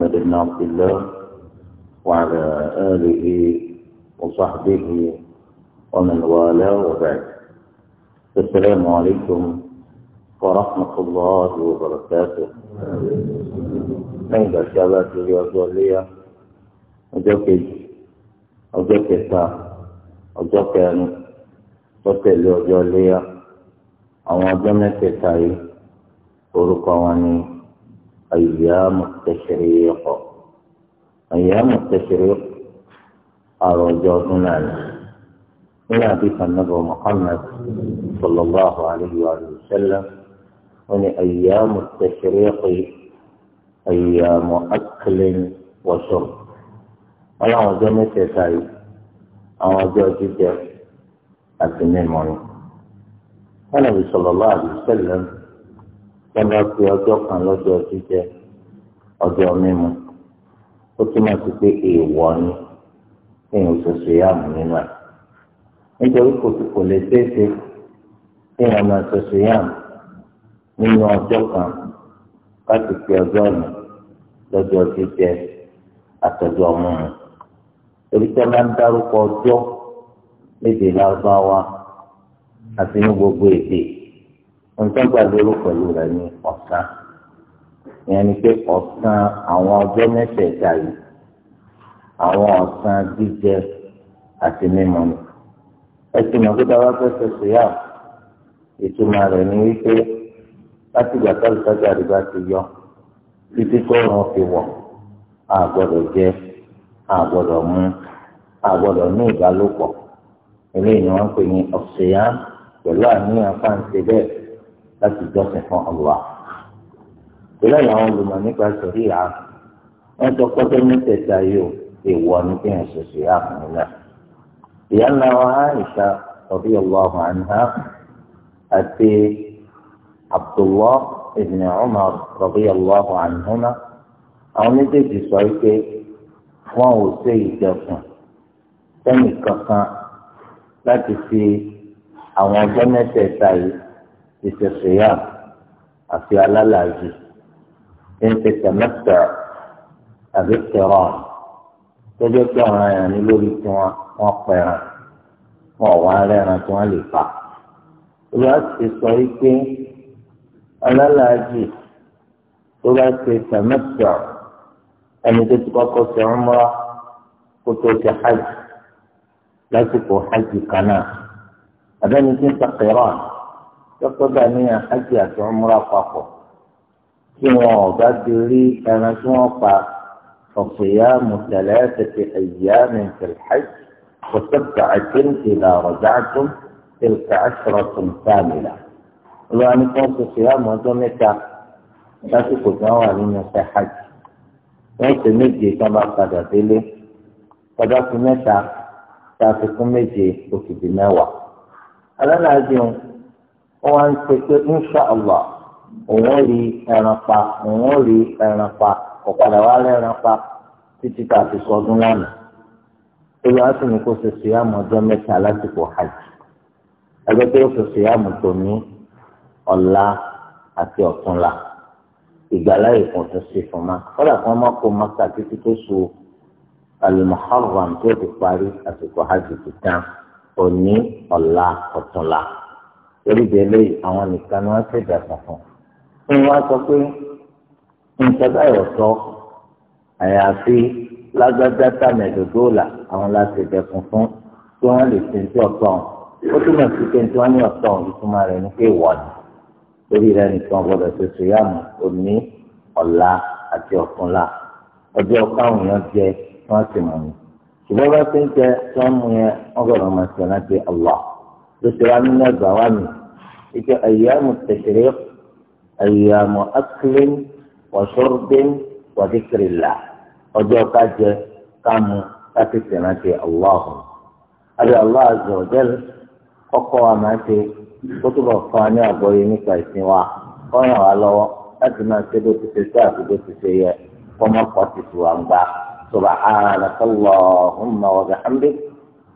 محمد بن عبد الله وعلى آله وصحبه ومن والاه وبعد السلام عليكم ورحمة الله وبركاته من بشابات الوزولية أجوكي أجوكي سا أجوكي أنا أجوكي الوزولية أما جمعك سايه ورقواني أيام التشريق أيام التشريق أرجو هنا في النبي محمد صلى الله عليه وآله وسلم هنا أيام التشريق أيام أكل وشرب ọlọ́run ọjọ́ mẹ́tẹ̀ẹ̀ta أرجو àwọn ọjọ́ jíjẹ àti mímọ́ ni. wọ́n lè tọ́ba fi ọjọ́ kan lọ́jọ́ jíjẹ ọjọ́ mímu ó túmọ̀ sí pé èèwọ̀ ni kéèyàn ṣoṣo yá mú nínú ẹ̀ nítorí kò sí kò lè ṣeéṣe kéèyàn máa ṣoṣo yá mú nínú ọjọ́ kan láti fi ọjọ́ nù lọ́jọ́ jíjẹ àtọ́jọ́ mímu torí tí wọ́n ń dárúkọ ọjọ́ lédè lárúbáwá àti ní gbogbo èdè nǹkan gbàdúrà pẹ̀lú rẹ̀ ní ọ̀sán ìyẹn ni pé ọ̀sán àwọn ọjọ́ mẹ́tẹ̀ẹ̀ta yìí àwọn ọ̀sán jíjẹ àti mímu ni ẹsìn náà kódà wá fẹsẹ̀ sèyá ìtumọ̀ rẹ̀ ni wípé láti ìgbà tó lùtọ́jú àdìgbà ti yọ títí tó rùn fi wọ̀ a gbọ́dọ̀ jẹ a gbọ́dọ̀ mu a gbọ́dọ̀ ní ìbálòpọ̀ eléyìí ni wọ́n ń pè ní ọ̀sẹ̀yá pẹ̀lú àníyàn fáǹsì bẹ́ẹ̀ láti jọ́sìn fún ọlọ́wà. ìlẹ́ làwọn olùmọ̀ nípa sọ̀rí ìhà wọ́n sọ pé ní tẹ̀sà yóò èèwọ̀ ní kí n ṣe ṣe àfihàn náà. ìyá ńlá wa Aisha radiyallahu anha àti Abdullah ibn Umar radiyallahu anhuma àwọn méjèèjì sọ pé wọn ò ṣe ìjọsìn sẹ́nì kankan láti fi àwọn ọjọ́ mẹ́tẹ̀ẹ̀ta yìí ìṣẹ̀ṣẹ̀yà àti alálàájì ẹ̀ńtẹ̀ tẹ̀mẹ́tà àbí tẹ̀rọ̀n tọ́jọ́ pé ọ̀ràn ẹ̀ràn ní lórí tí wọ́n wọ́n pẹ̀ràn wọ́n wá rẹ́ran tí wọ́n lè pa. ìwà ti sọ wípé alálàájì tó bá ṣe tẹ̀mẹ́tà ẹni tó ti kọ́kọ́ ṣe umra kó tó ṣe hajj lásìkò hajj kan náà àbẹ́ni tí ń sàkẹ́rọ̀n tọ́kọ́dà ní àhájì àti ọmúra papọ̀ tí wọn ò bá ti rí ẹran tí wọ́n pa ọ̀pẹ̀yà mùtẹ̀lẹ́ tètè ẹ̀yà mìtẹ̀lẹ́hàj kòtẹ́tà àti ìlà ọ̀dàtún tìlkà àṣọrọ̀tún sáàmìlà. olùwà ní kí wọ́n ti fi àmọ́ ọdún mẹ́ta lásìkò tí wọ́n wà nínú sẹ́hàj. wọ́n ti méje tí bá padà délé padà fún mẹ́ta tá a fi fún méje òkìdí mẹ́wàá. alálàájì ń wọ́n ń pè pé insha allah òun rí ẹran pa òun rí ẹran pa ọ̀padà wá lẹ́ran pa títí tá a ti sọdún lánàá olùwà sì ní kó ṣe síyàmù ọjọ́ mẹ́ta lásìkò hajj ẹgbẹ́ tó ṣe síyàmù tòní ọ̀la àti ọ̀túnla ìgbàláyè kan tó ṣe fún ma kọ́dà kan má kó maka títí tó so alimuharram tó ti parí àsìkò hajj ti tán òní ọ̀la ọ̀túnla torí délé àwọn nìkan ni wọ́n ṣèjà kankan tí wọ́n sọ pé nǹkan báyọ̀ sọ àyàfi lágbájá tàmẹ̀dòdó là àwọn láṣẹjẹ funfun tí wọ́n lè ṣe ní ọ̀tọ̀ ó túmọ̀ sí pé tí wọ́n ní ọ̀tọ̀ ìtumọ̀ rẹ̀ ní pé wọ̀nà torí rẹ̀ nìkan gbọ́dọ̀ ṣe sòyàmù òní ọ̀la àti ọ̀túnla ọjọ́ káwọn èèyàn jẹ tí wọ́n sì mọ̀ ní ṣùgbọ́n bá ti ń jẹ tí wọ́n mú yẹn wọ́n gbọ́dọ̀ máa ṣe láti Allah. بسرعان الزوامي إذا أيام التشريق أيام أكل وشرب وذكر الله ọjọ́ ká jẹ ká mu ká sì tẹ̀lé ṣe aláhùn àbí Allah azza wa jal kọ́kọ́ wa máa ṣe kó túbọ̀ fún wa ní àgbọ́yé nípa ìsìn wa kọ́ ràn wá lọ́wọ́ láti máa ṣe bó ti ṣe ṣe àti bó ti ṣe yẹ kọ́ mọ́ pọ̀ ti tù wá ń gbà subhanaka Allahumma wa bihamdik.